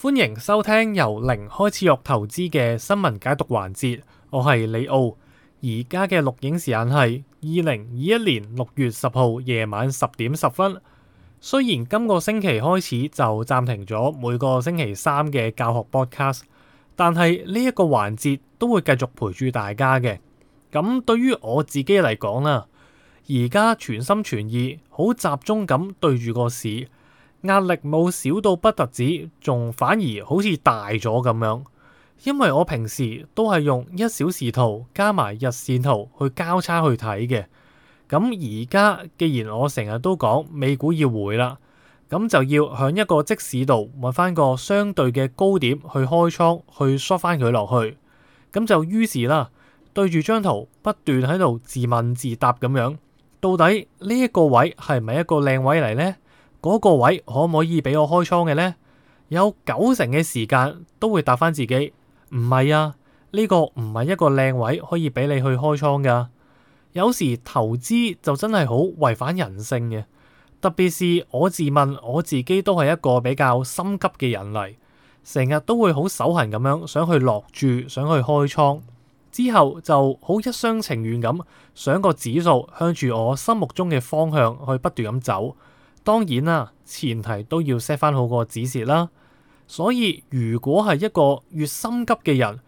歡迎收聽由零開始學投資嘅新聞解讀環節，我係李奧。而家嘅錄影時間係二零二一年六月十號夜晚十點十分。雖然今個星期開始就暫停咗每個星期三嘅教學 podcast，但係呢一個環節都會繼續陪住大家嘅。咁對於我自己嚟講啦，而家全心全意、好集中咁對住個市。壓力冇少到不得止，仲反而好似大咗咁樣。因為我平時都係用一小時圖加埋日線圖去交叉去睇嘅。咁而家既然我成日都講美股要回啦，咁就要響一個即時度搵翻個相對嘅高點去開倉去縮翻佢落去。咁就於是啦，對住張圖不斷喺度自問自答咁樣，到底呢一個位係咪一個靚位嚟呢？嗰個位可唔可以俾我開倉嘅呢？有九成嘅時間都會答翻自己，唔係啊。呢個唔係一個靚位可以俾你去開倉噶。有時投資就真係好違反人性嘅，特別是我自問我自己都係一個比較心急嘅人嚟，成日都會好手痕咁樣想去落注，想去開倉之後就好一廂情願咁想個指數向住我心目中嘅方向去不斷咁走。當然啦，前提都要 set 翻好個指示啦。所以如果係一個越心急嘅人，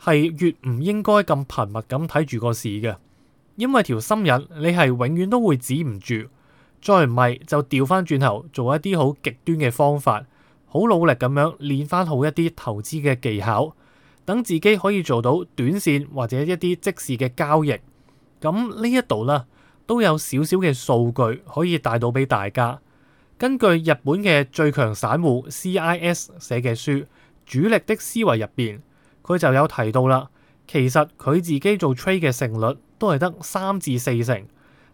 係越唔應該咁頻密咁睇住個市嘅，因為條心癮你係永遠都會止唔住。再唔係就掉翻轉頭做一啲好極端嘅方法，好努力咁樣練翻好一啲投資嘅技巧，等自己可以做到短線或者一啲即時嘅交易。咁呢一度啦。都有少少嘅數據可以帶到俾大家。根據日本嘅最強散戶 CIS 寫嘅書，《主力的思維》入邊，佢就有提到啦。其實佢自己做 trade 嘅勝率都係得三至四成，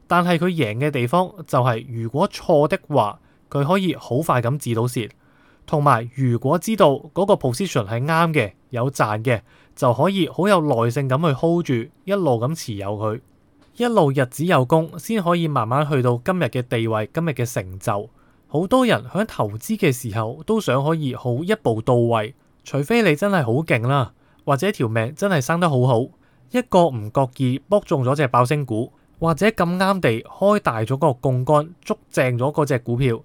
但係佢贏嘅地方就係如果錯的話，佢可以好快咁止到蝕。同埋如果知道嗰個 position 係啱嘅、有賺嘅，就可以好有耐性咁去 hold 住，一路咁持有佢。一路日子有功，先可以慢慢去到今日嘅地位，今日嘅成就。好多人響投資嘅時候都想可以好一步到位，除非你真係好勁啦，啊，或者條命真係生得好好，一個唔覺意卜中咗隻爆星股，或者咁啱地開大咗個槓桿，捉正咗嗰隻股票。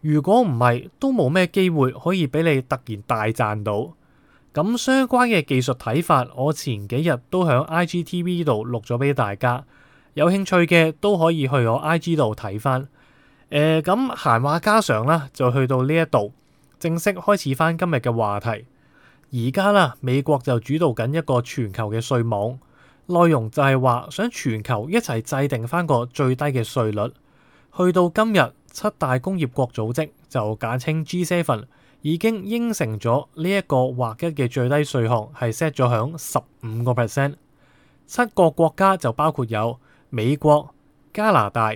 如果唔係，都冇咩機會可以俾你突然大賺到。咁相關嘅技術睇法，我前幾日都響 IGTV 度錄咗俾大家。有興趣嘅都可以去我 IG 度睇翻。誒、呃、咁閒話家常啦，就去到呢一度正式開始翻今日嘅話題。而家啦，美國就主導緊一個全球嘅稅網內容，就係話想全球一齊制定翻個最低嘅稅率。去到今日，七大工業國組織就簡稱 G Seven 已經應承咗呢一個劃一嘅最低稅項係 set 咗響十五個 percent。七個國家就包括有。美國、加拿大、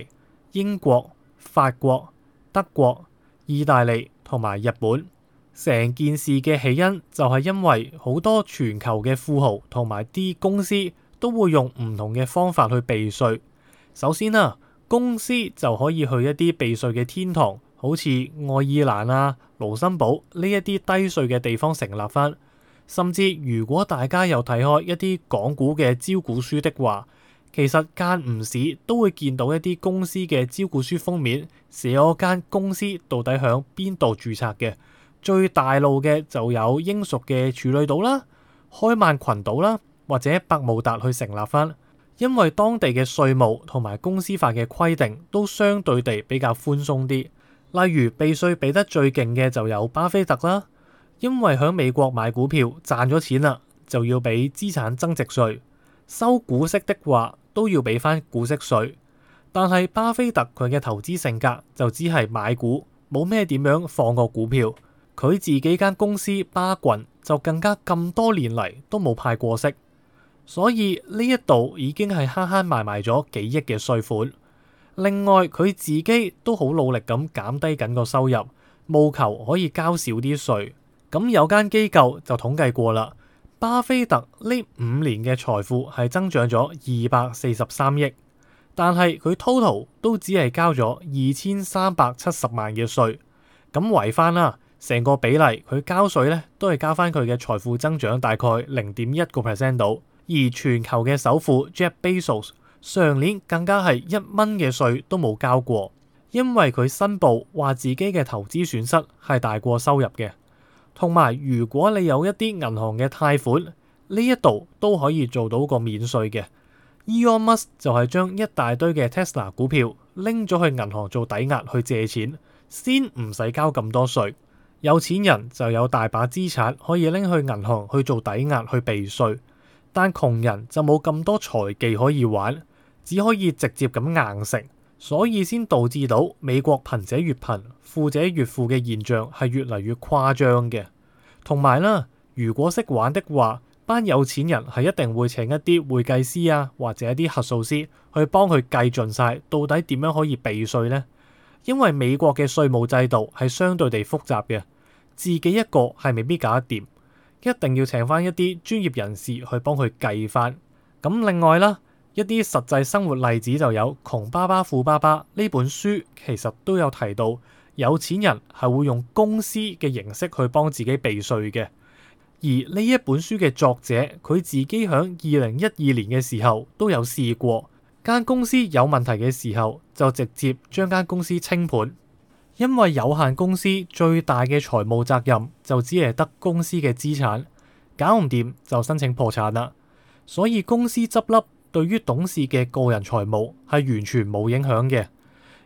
英國、法國、德國、意大利同埋日本，成件事嘅起因就係因為好多全球嘅富豪同埋啲公司都會用唔同嘅方法去避稅。首先啦，公司就可以去一啲避稅嘅天堂，好似愛爾蘭啊、盧森堡呢一啲低稅嘅地方成立返。甚至如果大家有睇開一啲港股嘅招股書的話，其實間唔時都會見到一啲公司嘅招股書封面，寫嗰間公司到底響邊度注冊嘅。最大路嘅就有英屬嘅處女島啦、開曼群島啦，或者百慕達去成立翻，因為當地嘅稅務同埋公司法嘅規定都相對地比較寬鬆啲。例如避稅避得最勁嘅就有巴菲特啦，因為響美國買股票賺咗錢啦，就要俾資產增值稅。收股息的話，都要俾翻股息稅，但係巴菲特佢嘅投資性格就只係買股，冇咩點樣放過股票。佢自己間公司巴郡就更加咁多年嚟都冇派過息，所以呢一度已經係慳慳埋埋咗幾億嘅稅款。另外佢自己都好努力咁減低緊個收入，務求可以交少啲稅。咁有間機構就統計過啦。巴菲特呢五年嘅財富係增長咗二百四十三億，但係佢 total 都只係交咗二千三百七十萬嘅稅，咁維翻啦，成個比例佢交稅呢都係交翻佢嘅財富增長大概零點一個 percent 度，而全球嘅首富 Jeff Bezos 上年更加係一蚊嘅稅都冇交過，因為佢申報話自己嘅投資損失係大過收入嘅。同埋，如果你有一啲銀行嘅貸款，呢一度都可以做到個免稅嘅。Elon Musk 就係將一大堆嘅 Tesla 股票拎咗去銀行做抵押去借錢，先唔使交咁多稅。有錢人就有大把資產可以拎去銀行去做抵押去避稅，但窮人就冇咁多財技可以玩，只可以直接咁硬食。所以先導致到美國貧者越貧、富者越富嘅現象係越嚟越誇張嘅。同埋啦，如果識玩的話，班有錢人係一定會請一啲會計師啊，或者一啲核數師去幫佢計盡晒。到底點樣可以避稅呢？因為美國嘅稅務制度係相對地複雜嘅，自己一個係未必搞得掂，一定要請翻一啲專業人士去幫佢計翻。咁另外啦。一啲實際生活例子就有窮爸爸富爸爸呢本書，其實都有提到，有錢人係會用公司嘅形式去幫自己避稅嘅。而呢一本書嘅作者佢自己響二零一二年嘅時候都有試過，間公司有問題嘅時候就直接將間公司清盤，因為有限公司最大嘅財務責任就只係得公司嘅資產，搞唔掂就申請破產啦。所以公司執笠。對於董事嘅個人財務係完全冇影響嘅，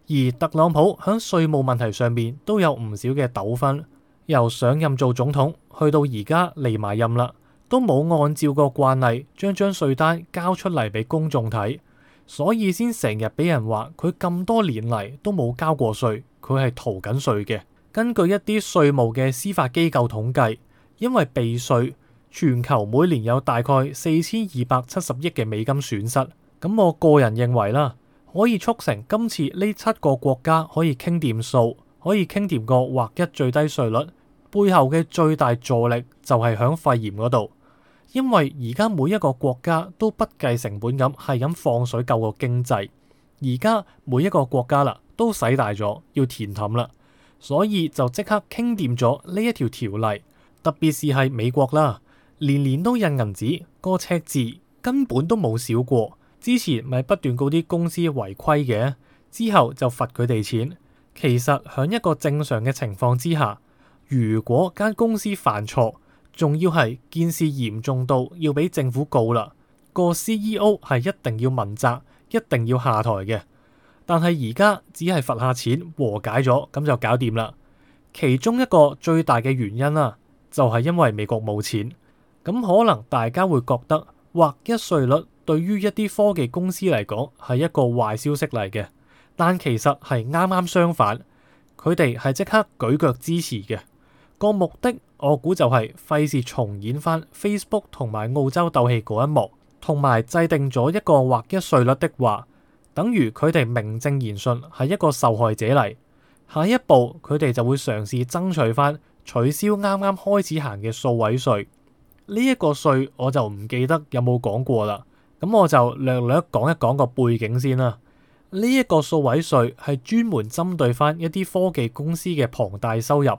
而特朗普喺稅務問題上面都有唔少嘅糾紛。由上任做總統去到而家離埋任啦，都冇按照個慣例將張稅單交出嚟俾公眾睇，所以先成日俾人話佢咁多年嚟都冇交過稅，佢係逃緊稅嘅。根據一啲稅務嘅司法機構統計，因為避稅，全球每年有大概四千二百七十億嘅美金損失，咁我個人認為啦，可以促成今次呢七個國家可以傾掂數，可以傾掂個劃一最低稅率，背後嘅最大助力就係響肺炎嗰度，因為而家每一個國家都不計成本咁係咁放水救個經濟，而家每一個國家啦都使大咗要填氹啦，所以就即刻傾掂咗呢一條條例，特別是係美國啦。年年都印銀紙，個赤字根本都冇少過。之前咪不斷告啲公司違規嘅，之後就罰佢哋錢。其實響一個正常嘅情況之下，如果間公司犯錯，仲要係件事嚴重到要俾政府告啦，個 CEO 係一定要問責，一定要下台嘅。但係而家只係罰下錢和解咗，咁就搞掂啦。其中一個最大嘅原因啊，就係因為美國冇錢。咁可能大家會覺得劃一稅率對於一啲科技公司嚟講係一個壞消息嚟嘅，但其實係啱啱相反，佢哋係即刻舉腳支持嘅。個目的，我估就係費事重演翻 Facebook 同埋澳洲鬥氣嗰一幕，同埋制定咗一個劃一稅率的話，等於佢哋名正言順係一個受害者嚟。下一步佢哋就會嘗試爭取翻取消啱啱開始行嘅數位稅。呢一個稅我就唔記得有冇講過啦，咁我就略略講一講個背景先啦。呢一個數位稅係專門針對翻一啲科技公司嘅龐大收入，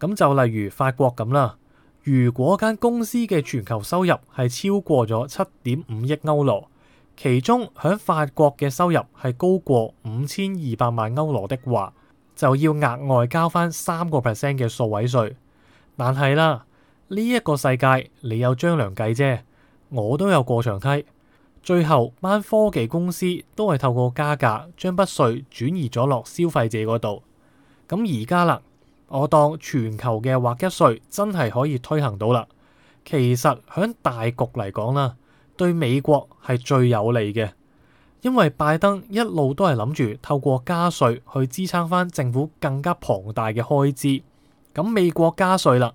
咁就例如法國咁啦。如果間公司嘅全球收入係超過咗七點五億歐羅，其中響法國嘅收入係高過五千二百萬歐羅的話，就要額外交翻三個 percent 嘅數位稅。但係啦。呢一個世界，你有張良計啫，我都有過牆梯。最後，班科技公司都係透過加價，將筆稅轉移咗落消費者嗰度。咁而家啦，我當全球嘅劃一稅真係可以推行到啦。其實響大局嚟講啦，對美國係最有利嘅，因為拜登一路都係諗住透過加稅去支撐翻政府更加龐大嘅開支。咁美國加稅啦。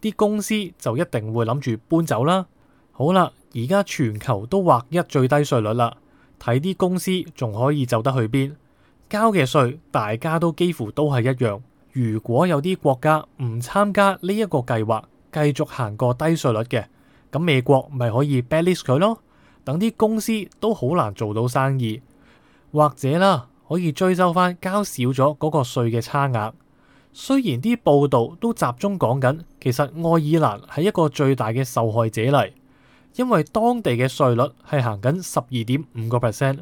啲公司就一定會諗住搬走啦。好啦，而家全球都劃一最低稅率啦，睇啲公司仲可以走得去邊？交嘅稅大家都幾乎都係一樣。如果有啲國家唔參加呢一個計劃，繼續行過低稅率嘅，咁美國咪可以 balance 佢咯，等啲公司都好難做到生意，或者啦，可以追收返交少咗嗰個稅嘅差額。雖然啲報道都集中講緊，其實愛爾蘭係一個最大嘅受害者嚟，因為當地嘅稅率係行緊十二點五個 percent，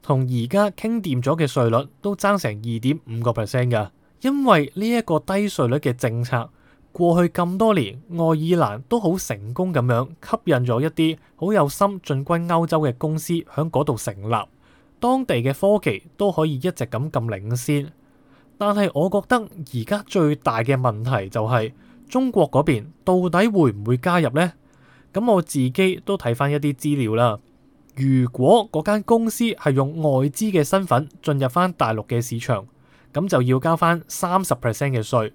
同而家傾掂咗嘅稅率都爭成二點五個 percent 㗎。因為呢一個低稅率嘅政策，過去咁多年，愛爾蘭都好成功咁樣吸引咗一啲好有心進軍歐洲嘅公司響嗰度成立，當地嘅科技都可以一直咁咁領先。但係，我覺得而家最大嘅問題就係中國嗰邊到底會唔會加入呢？咁我自己都睇翻一啲資料啦。如果嗰間公司係用外資嘅身份進入翻大陸嘅市場，咁就要交翻三十 percent 嘅稅。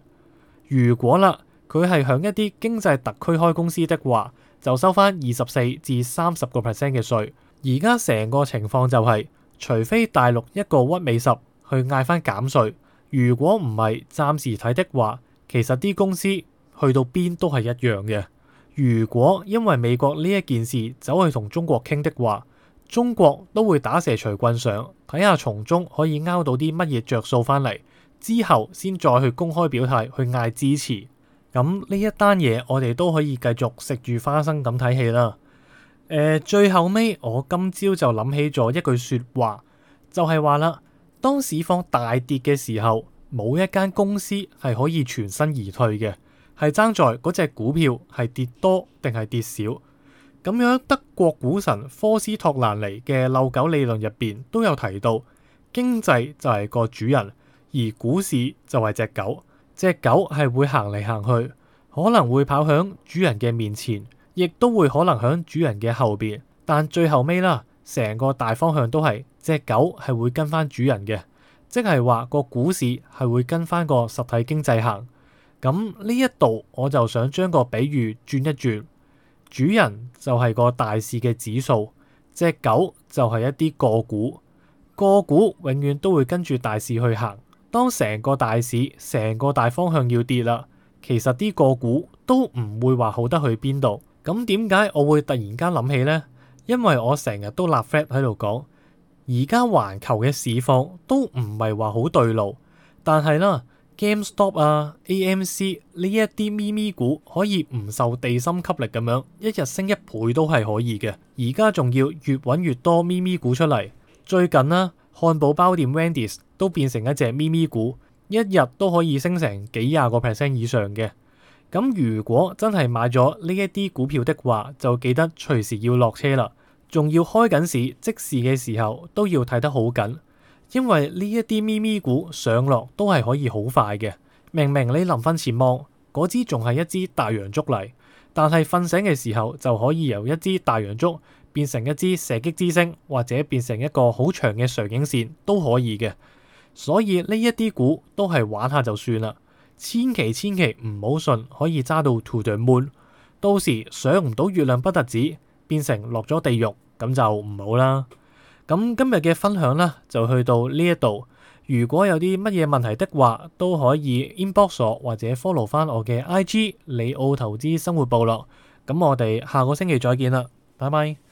如果啦，佢係響一啲經濟特區開公司的話，就收翻二十四至三十個 percent 嘅稅。而家成個情況就係，除非大陸一個屈尾十去嗌翻減稅。如果唔係，暫時睇的話，其實啲公司去到邊都係一樣嘅。如果因為美國呢一件事走去同中國傾的話，中國都會打蛇隨棍上，睇下從中可以勾到啲乜嘢着數翻嚟，之後先再去公開表態去嗌支持。咁、嗯、呢一單嘢，我哋都可以繼續食住花生咁睇戲啦。誒，最後尾我今朝就諗起咗一句説話，就係話啦。當市況大跌嘅時候，冇一間公司係可以全身而退嘅，係爭在嗰隻股票係跌多定係跌少。咁樣德國股神科斯托蘭尼嘅溜狗理論入邊都有提到，經濟就係個主人，而股市就係隻狗。隻狗係會行嚟行去，可能會跑響主人嘅面前，亦都會可能響主人嘅後邊，但最後尾啦。成個大方向都係隻狗係會跟翻主人嘅，即係話個股市係會跟翻個實體經濟行。咁呢一度我就想將個比喻轉一轉，主人就係個大市嘅指數，隻狗就係一啲個股，個股永遠都會跟住大市去行。當成個大市，成個大方向要跌啦，其實啲個股都唔會話好得去邊度。咁點解我會突然間諗起呢？因為我成日都立 flat 喺度講，而家環球嘅市況都唔係話好對路，但係啦，GameStop 啊、AMC 呢一啲咪咪股可以唔受地心吸力咁樣，一日升一倍都係可以嘅。而家仲要越揾越多咪咪股出嚟，最近啦，漢堡包店 Wendy's 都變成一隻咪咪股，一日都可以升成幾廿個 percent 以上嘅。咁如果真係買咗呢一啲股票的話，就記得隨時要落車啦，仲要開緊市，即時嘅時候都要睇得好緊，因為呢一啲咪咪股上落都係可以好快嘅。明明你臨瞓前望嗰支仲係一支大陽燭嚟，但係瞓醒嘅時候就可以由一支大陽燭變成一支射擊之星，或者變成一個好長嘅上影線都可以嘅。所以呢一啲股都係玩下就算啦。千祈千祈唔好信，可以揸到 to the moon，到時上唔到月亮不特止，變成落咗地獄咁就唔好啦。咁今日嘅分享呢，就去到呢一度。如果有啲乜嘢問題的話，都可以 inbox 我或者 follow 翻我嘅 IG 李奧投資生活部落。咁我哋下個星期再見啦，拜拜。